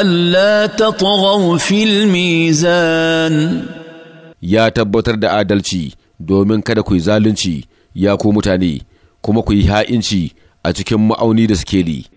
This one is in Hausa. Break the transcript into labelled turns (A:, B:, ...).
A: ألا تطغوا في الميزان يا تبتر da adalci domin kada ku yi zalunci ya ku mutane kuma ku yi ha'inci a cikin ma'auni da sikeli